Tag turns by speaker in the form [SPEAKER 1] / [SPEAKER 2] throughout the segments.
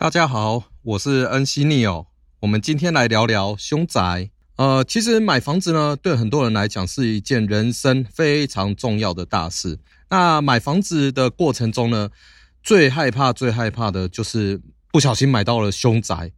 [SPEAKER 1] 大家好，我是恩西尼奧。我們今天來聊聊兇宅。呃，其實買房子呢，對很多人來講是一件人生非常重要的大事。那買房子的過程中呢，最害怕、最害怕的就是不小心買到了兇宅。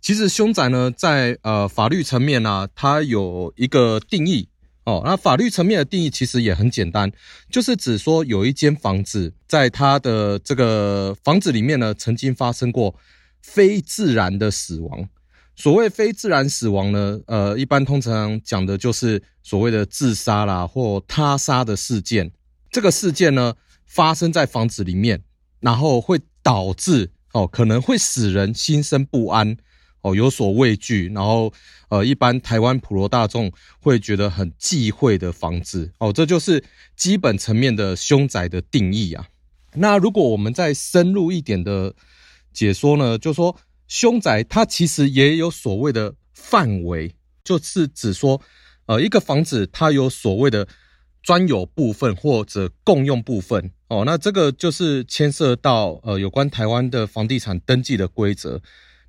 [SPEAKER 1] 其實兇宅呢，在呃法律層面呢，啊，它有一個定義。哦，那法律層面的定義其實也很簡單，就是指說有一間房子，在他的這個房子裡面呢，曾經發生過非自然的死亡。所謂非自然死亡呢，呃，一般通常講的就是所謂的自殺啦或他殺的事件。這個事件呢，發生在房子裡面，然後會導致哦，可能會使人心生不安。哦，有所畏懼，然後呃，一般台灣普羅大眾會覺得很忌諱的房子哦，這就是基本層面的凶宅的定義啊。那如果我們再深入一點的解說呢，就說凶宅它其實也有所謂的範圍，就是指說呃，一個房子它有所謂的專有部分或者共用部分哦，那這個就是牽涉到呃，有關台灣的房地產登記的規則。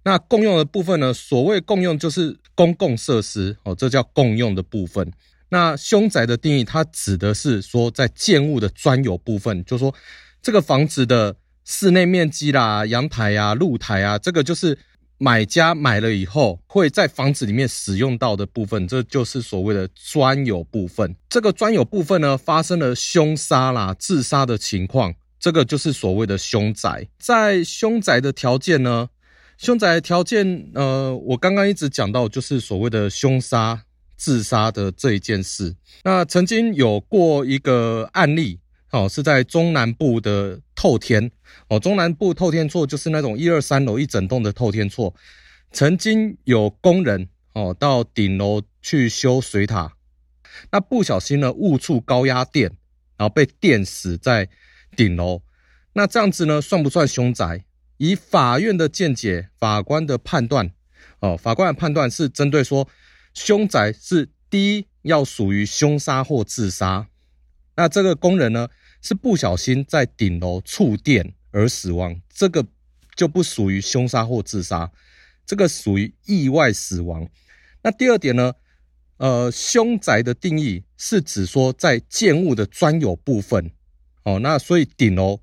[SPEAKER 1] 那共用的部分呢，所謂共用就是公共設施哦，這叫共用的部分。那凶宅的定義，它指的是說，在建物的專有部分，就是說這個房子的室內面積啦、陽台啊、露台啊，這個就是買家買了以後會在房子裡面使用到的部分，這就是所謂的專有部分。這個專有部分呢，發生了凶殺啦、自殺的情況，這個就是所謂的凶宅。在凶宅的條件呢，凶宅條件，呃，我剛剛一直講到，就是所謂的凶殺、自殺的這一件事。那曾經有過一個案例，哦，是在中南部的透天，哦，中南部透天厝就是那種一二三樓一整棟的透天厝。曾經有工人，哦，到頂樓去修水塔，那不小心呢誤觸高壓電，然後被電死在頂樓。那這樣子呢，算不算凶宅？以法院的見解，法官的判斷，哦，法官的判斷是針對說凶宅是第一要屬於凶殺或自殺，那這個工人呢是不小心在頂樓觸電而死亡，這個就不屬於凶殺或自殺，這個屬於意外死亡。那第二點呢，呃，凶宅的定義是指說在建物的專有部分，哦，那所以頂樓。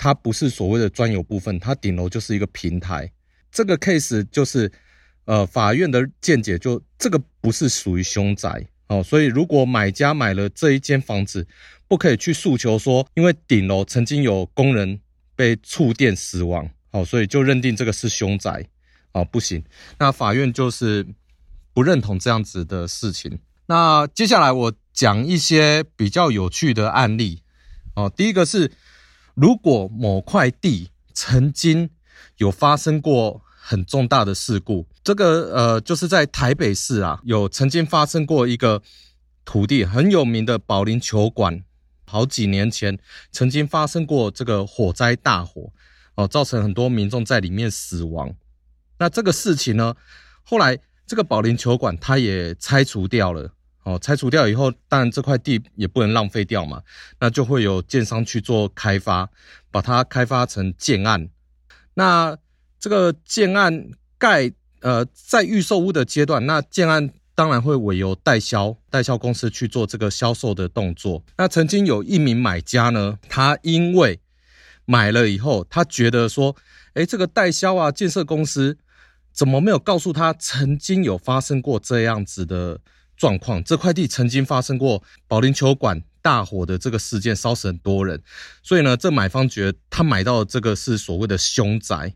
[SPEAKER 1] 它不是所謂的專有部分，它頂樓就是一個平台。這個 case 就是，呃，法院的見解就這個不是屬於凶宅哦，所以如果買家買了這一間房子，不可以去訴求說，因為頂樓曾經有工人被觸電死亡，好，哦，所以就認定這個是凶宅哦。不行。那法院就是不認同這樣子的事情。那接下來我講一些比較有趣的案例哦，第一個是。如果某塊地曾經有發生過很重大的事故，這個呃，就是在台北市啊，有曾經發生過一個土地很有名的保齡球館，好幾年前曾經發生過這個火災大火，哦、呃，造成很多民眾在裡面死亡。那這個事情呢，後來這個保齡球館它也拆除掉了。哦，拆除掉以後，當然這塊地也不能浪費掉嘛，那就會有建商去做開發，把它開發成建案。那這個建案蓋，呃，在預售屋的階段，那建案當然會委由代銷，代銷公司去做這個銷售的動作。那曾經有一名買家呢，他因為買了以後，他覺得說，哎，這個代銷啊，建設公司怎麼沒有告訴他曾經有發生過這樣子的，狀況，這塊地曾經發生過保齡球館大火的這個事件，燒死很多人，所以呢，這買方覺得他買到的這個是所謂的凶宅。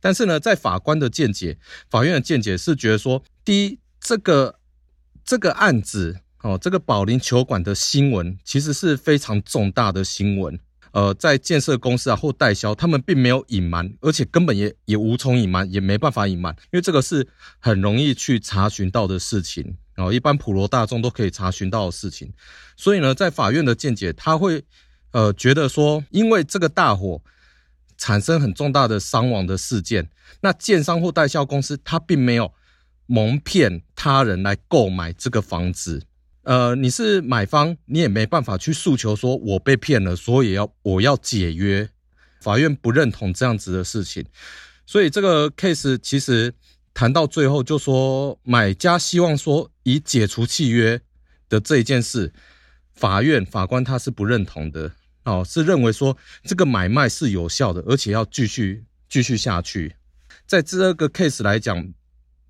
[SPEAKER 1] 但是呢，在法官的見解，法院的見解是覺得說，第一，這個這個案子，哦，這個保齡球館的新聞其實是非常重大的新聞。呃，在建設公司啊或代銷，他們並沒有隱瞞，而且根本也也無從隱瞞，也沒辦法隱瞞，因為這個是很容易去查詢到的事情。然後，一般普羅大眾都可以查詢到的事情，所以呢，在法院的見解，他會呃覺得說，因為這個大火產生很重大的傷亡的事件，那建商或代銷公司他並沒有蒙騙他人來購買這個房子，呃，你是買方，你也沒辦法去訴求說我被騙了，所以要我要解約，法院不認同這樣子的事情，所以這個 case 其實。談到最後，就說買家希望說以解除契約的這一件事，法院法官他是不認同的哦，是認為說這個買賣是有效的，而且要繼續繼續下去。在這個 case 來講，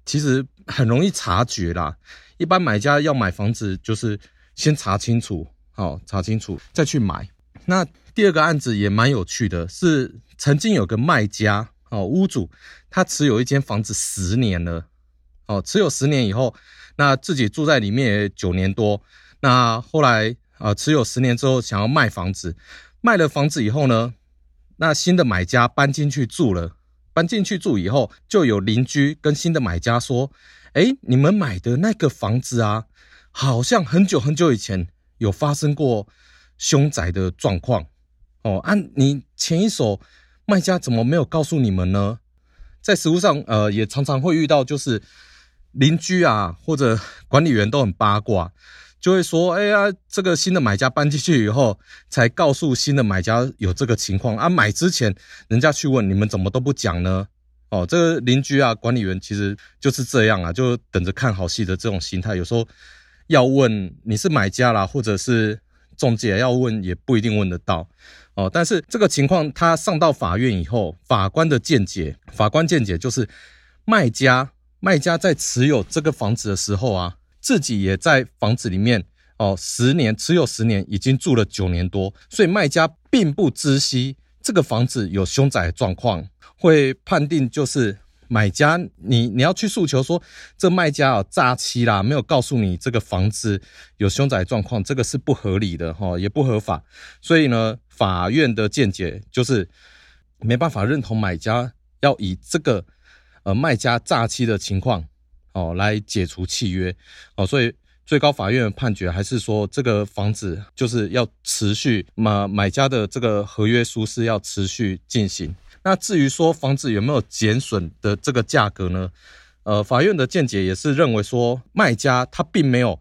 [SPEAKER 1] 其實很容易察覺啦。一般買家要買房子，就是先查清楚，好、哦、查清楚再去買。那第二個案子也蠻有趣的，是曾經有個賣家。哦，屋主他持有一間房子十年了，哦，持有十年以後，那自己住在裡面九年多，那後來啊，持有十年之後想要賣房子，賣了房子以後呢，那新的買家搬進去住了，搬進去住以後，就有鄰居跟新的買家說，哎、欸，你們買的那個房子啊，好像很久很久以前有發生過凶宅的狀況，哦，按你前一手。賣家怎麼沒有告訴你們呢？在實務上，呃，也常常會遇到，就是鄰居啊或者管理員，都很八卦，就會說：“哎、欸、呀、啊，這個新的買家搬進去以後，才告訴新的買家有這個情況啊。”買之前，人家去問你們怎麼都不講呢？哦，這個鄰居啊，管理員其實就是這樣啊，就等着看好戲的這種心態。有時候要問你是買家啦，或者是。仲介要問也不一定問得到哦，但是這個情況他上到法院以後，法官的見解，法官見解就是，賣家賣家在持有這個房子的時候啊，自己也在房子裡面哦，十年持有十年已經住了九年多，所以賣家並不知悉這個房子有凶宅狀況，會判定就是。買家，你你要去訴求說，這賣家啊詐欺啦，沒有告訴你這個房子有凶宅狀況，這個是不合理的哈，也不合法。所以呢，法院的見解就是沒辦法認同買家要以這個呃賣家詐欺的情況哦來解除契約哦。所以最高法院判決還是說，這個房子就是要持續買買家的這個合約書是要持續進行。那至於說房子有沒有減損的這個價格呢？呃，法院的見解也是認為說，賣家他並沒有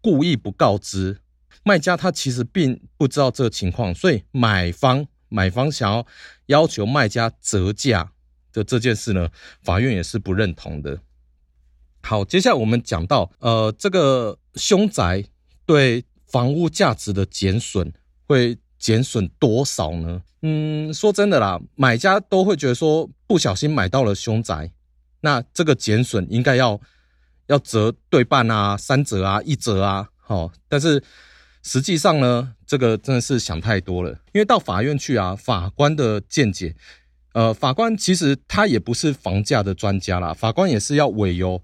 [SPEAKER 1] 故意不告知，賣家他其實並不知道這個情況，所以買方買方想要要求賣家折價的這件事呢，法院也是不認同的。好，接下來我們講到，呃，這個凶宅對房屋價值的減損會。減損多少呢？嗯，說真的啦，買家都會覺得說不小心買到了凶宅，那這個減損應該要要折對半啊，三折啊，一折啊，哈、哦，但是實際上呢，這個真的是想太多了，因為到法院去啊，法官的見解，呃，法官其實他也不是房價的專家啦，法官也是要委由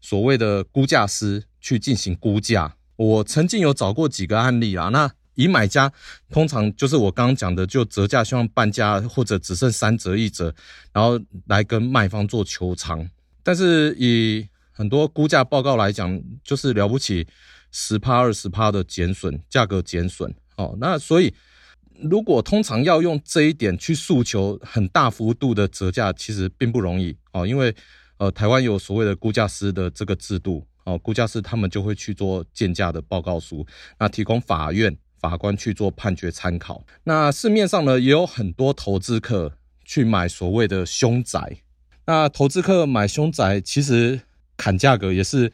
[SPEAKER 1] 所謂的估價師去進行估價。我曾經有找過幾個案例啦，那。以買家通常就是我剛剛講的，就折價希望半價或者只剩三折一折，然後來跟賣方做求償。但是以很多估價報告來講，就是了不起十趴二十趴的減損價格減損哦。那所以如果通常要用這一點去訴求很大幅度的折價，其實並不容易哦，因為呃台灣有所謂的估價師的這個制度哦，估價師他們就會去做鑑價的報告書，那提供法院。法官去做判決參考。那市面上呢，也有很多投資客去買所謂的凶宅。那投資客買凶宅，其實砍價格也是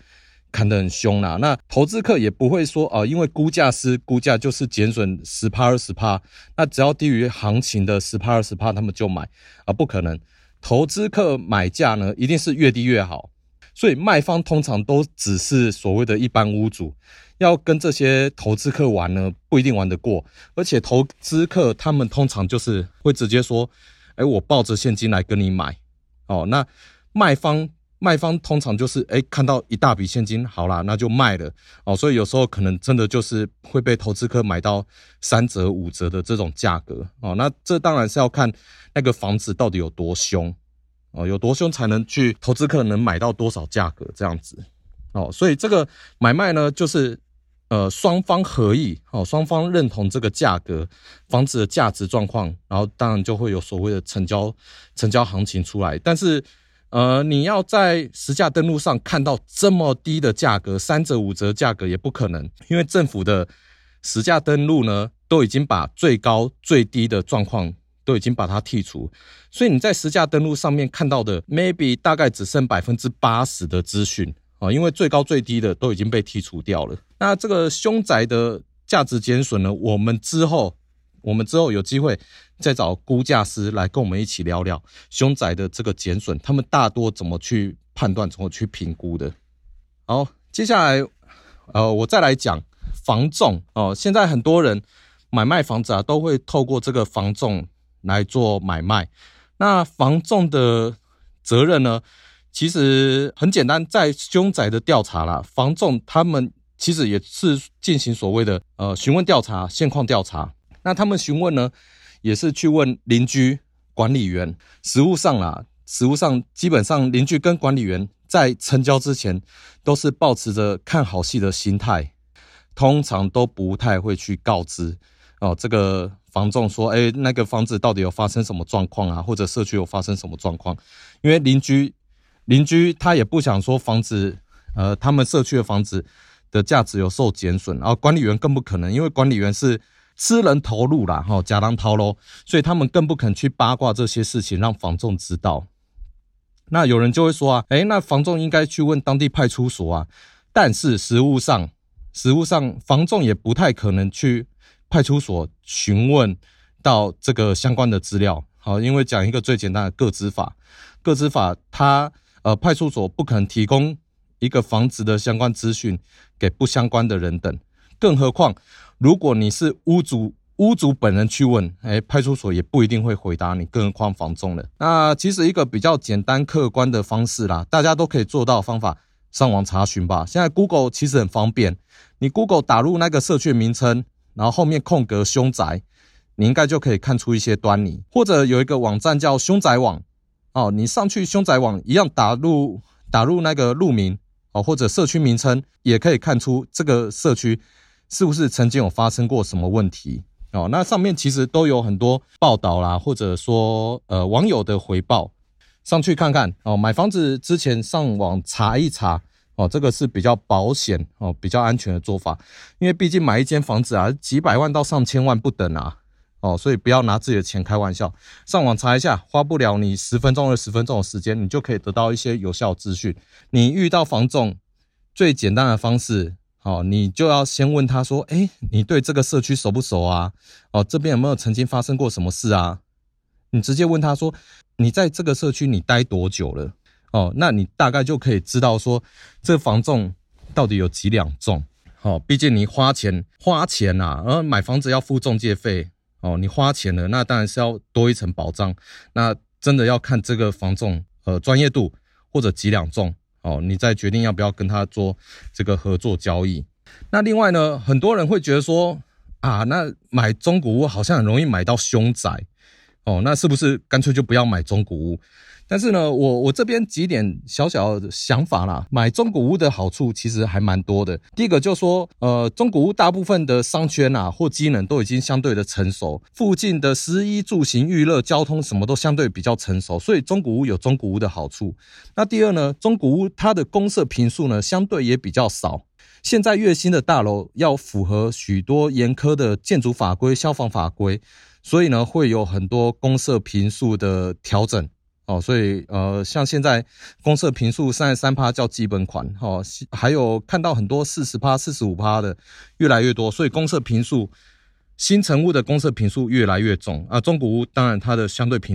[SPEAKER 1] 砍得很凶啦、啊。那投資客也不會說啊、呃，因為估價師估價就是減損十趴二十趴，那只要低於行情的十趴二十趴，他們就買啊、呃，不可能。投資客買價呢，一定是越低越好。所以賣方通常都只是所謂的一般屋主，要跟這些投資客玩呢，不一定玩得過。而且投資客他們通常就是會直接說：“哎，我抱着現金來跟你買。”哦，那賣方賣方通常就是哎、欸、看到一大筆現金，好啦，那就賣了。哦，所以有時候可能真的就是會被投資客買到三折五折的這種價格。哦，那這當然是要看那個房子到底有多凶。哦，有多凶，才能去投資客能買到多少價格這樣子，哦，所以這個買賣呢，就是呃雙方合意，哦，雙方認同這個價格房子的價值狀況，然後當然就會有所謂的成交成交行情出來。但是呃，你要在實價登錄上看到這麼低的價格，三折五折價格也不可能，因為政府的實價登錄呢，都已經把最高最低的狀況。都已經把它剔除，所以你在實價登錄上面看到的，maybe 大概只剩百分之八十的資訊啊，因為最高最低的都已經被剔除掉了。那這個凶宅的價值減損呢？我們之後我們之後有機會再找估價師來跟我們一起聊聊凶宅的這個減損，他們大多怎麼去判斷，怎麼去評估的。好，接下來呃，我再來講房仲哦。現在很多人買賣房子啊，都會透過這個房仲。來做買賣，那房仲的責任呢？其實很簡單，在凶宅的調查啦，房仲他們其實也是進行所謂的呃詢問調查、現況調查。那他們詢問呢，也是去問鄰居、管理員。實務上啦，實務上基本上鄰居跟管理員在成交之前，都是抱持着看好戲的心態，通常都不太會去告知哦這個。房仲說：“哎、欸，那個房子到底有發生什麼狀況啊？或者社區有發生什麼狀況？因為鄰居鄰居他也不想說房子，呃，他們社區的房子的價值有受減損。然、啊、管理員更不可能，因為管理員是吃人頭路啦，哈、哦，假當頭嘍，所以他們更不肯去八卦這些事情，讓房仲知道。那有人就會說啊，哎、欸，那房仲應該去問當地派出所啊。但是實務上，實務上房仲也不太可能去。”派出所詢問到這個相關的資料，好，因為講一個最簡單的個資法，個資法，他呃派出所不肯提供一個房子的相關資訊給不相關的人等，更何況如果你是屋主、屋主本人去問，哎，派出所也不一定會回答你，更何況房中人。那其實一個比較簡單客觀的方式啦，大家都可以做到的方法，上網查詢吧。現在 Google 其實很方便，你 Google 打入那個社區名稱。然後後面空格凶宅，你應該就可以看出一些端倪。或者有一個網站叫凶宅網，哦，你上去凶宅網一樣打入打入那個路名哦，或者社區名稱，也可以看出這個社區是不是曾經有發生過什麼問題哦。那上面其實都有很多報道啦，或者說呃網友的回報，上去看看哦。買房子之前上網查一查。哦，這個是比較保險哦，比較安全的做法，因為畢竟買一間房子啊，幾百萬到上千萬不等啊，哦，所以不要拿自己的錢開玩笑。上網查一下，花不了你十分鐘二十分鐘的時間，你就可以得到一些有效資訊。你遇到房仲，最簡單的方式，哦，你就要先問他說，哎、欸，你對這個社區熟不熟啊？哦，這邊有沒有曾經發生過什麼事啊？你直接問他說，你在這個社區你待多久了？哦，那你大概就可以知道說，這個、房仲到底有幾兩重？好、哦，畢竟你花錢花錢吶、啊，而買房子要付中介費，哦，你花錢了，那當然是要多一層保障。那真的要看這個房仲，呃，專業度或者幾兩重哦，你再決定要不要跟他做這個合作交易。那另外呢，很多人會覺得說，啊，那買中古屋好像很容易買到凶宅。哦，那是不是乾脆就不要買中古屋？但是呢，我我這邊幾點小小想法啦。買中古屋的好處其實還蠻多的。第一個就是說，呃，中古屋大部分的商圈啊或機能都已經相對的成熟，附近的食衣住行娛樂交通什麼都相對比較成熟，所以中古屋有中古屋的好處。那第二呢，中古屋它的公設坪數呢相對也比較少，現在月薪的大樓要符合許多嚴苛的建築法規、消防法規。所以呢，會有很多公設比的調整哦。所以呃，像現在公設比三十三趴叫基本款，哦，還有看到很多四十趴、四十五趴的越來越多。所以公設比，新成屋的公設比越來越重啊、呃。中古屋當然它的相對比，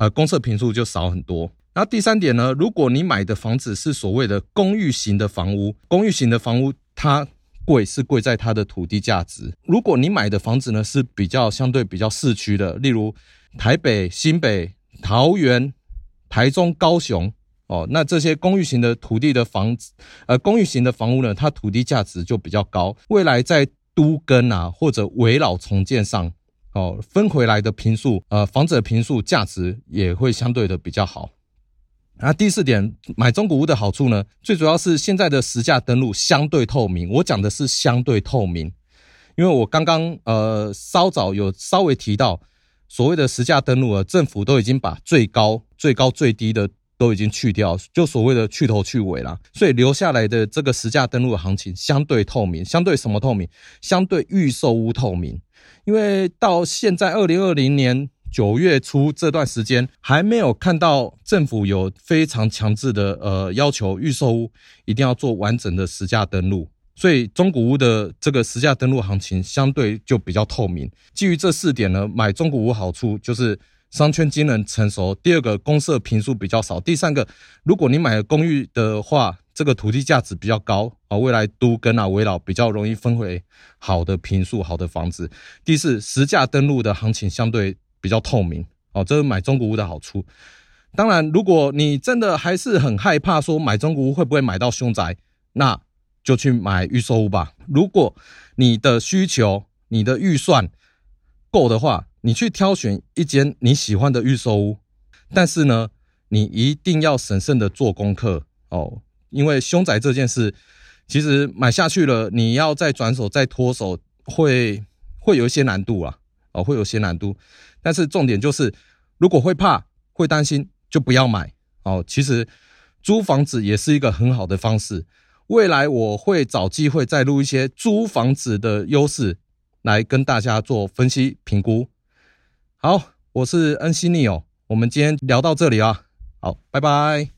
[SPEAKER 1] 呃，公設比就少很多。那第三點呢，如果你買的房子是所謂的公寓型的房屋，公寓型的房屋它。貴是貴在它的土地價值。如果你買的房子呢是比較相對比較市區的，例如台北、新北、桃園、台中、高雄，哦，那這些公寓型的土地的房子，呃，公寓型的房屋呢，它土地價值就比較高。未來在都更啊或者危老重建上，哦，分回來的坪數，呃，房子的坪數價值也會相對的比較好。啊，第四點，買中古屋的好處呢，最主要是現在的實價登錄相對透明。我講的是相對透明，因為我剛剛呃稍早有稍微提到，所謂的實價登錄啊，政府都已經把最高、最高、最低的都已經去掉，就所謂的去頭去尾啦。所以留下來的這個實價登錄的行情相對透明，相對什麼透明？相對預售屋透明，因為到現在二零二零年。九月初這段時間還沒有看到政府有非常強制的呃要求預售屋一定要做完整的實價登錄，所以中古屋的這個實價登錄行情相對就比較透明。基於這四點呢，買中古屋好處就是商圈機能成熟，第二個公設坪數比較少，第三個如果你買公寓的話，這個土地價值比較高啊，未來都更啊危老比較容易分回好的坪數、好的房子。第四，實價登錄的行情相對比較透明哦，這是買中古屋的好處。當然，如果你真的還是很害怕說買中古屋會不會買到凶宅，那就去買預售屋吧。如果你的需求、你的預算夠的話，你去挑選一間你喜歡的預售屋。但是呢，你一定要審慎的做功課哦，因為凶宅這件事，其實買下去了，你要再轉手、再脫手，會會有一些難度啊。哦，會有些難度，但是重點就是，如果會怕、會擔心，就不要買。哦，其實租房子也是一個很好的方式。未來我會找機會再錄一些租房子的優勢，來跟大家做分析評估。好，我是恩熙尼哦，我們今天聊到這裡啊，好，拜拜。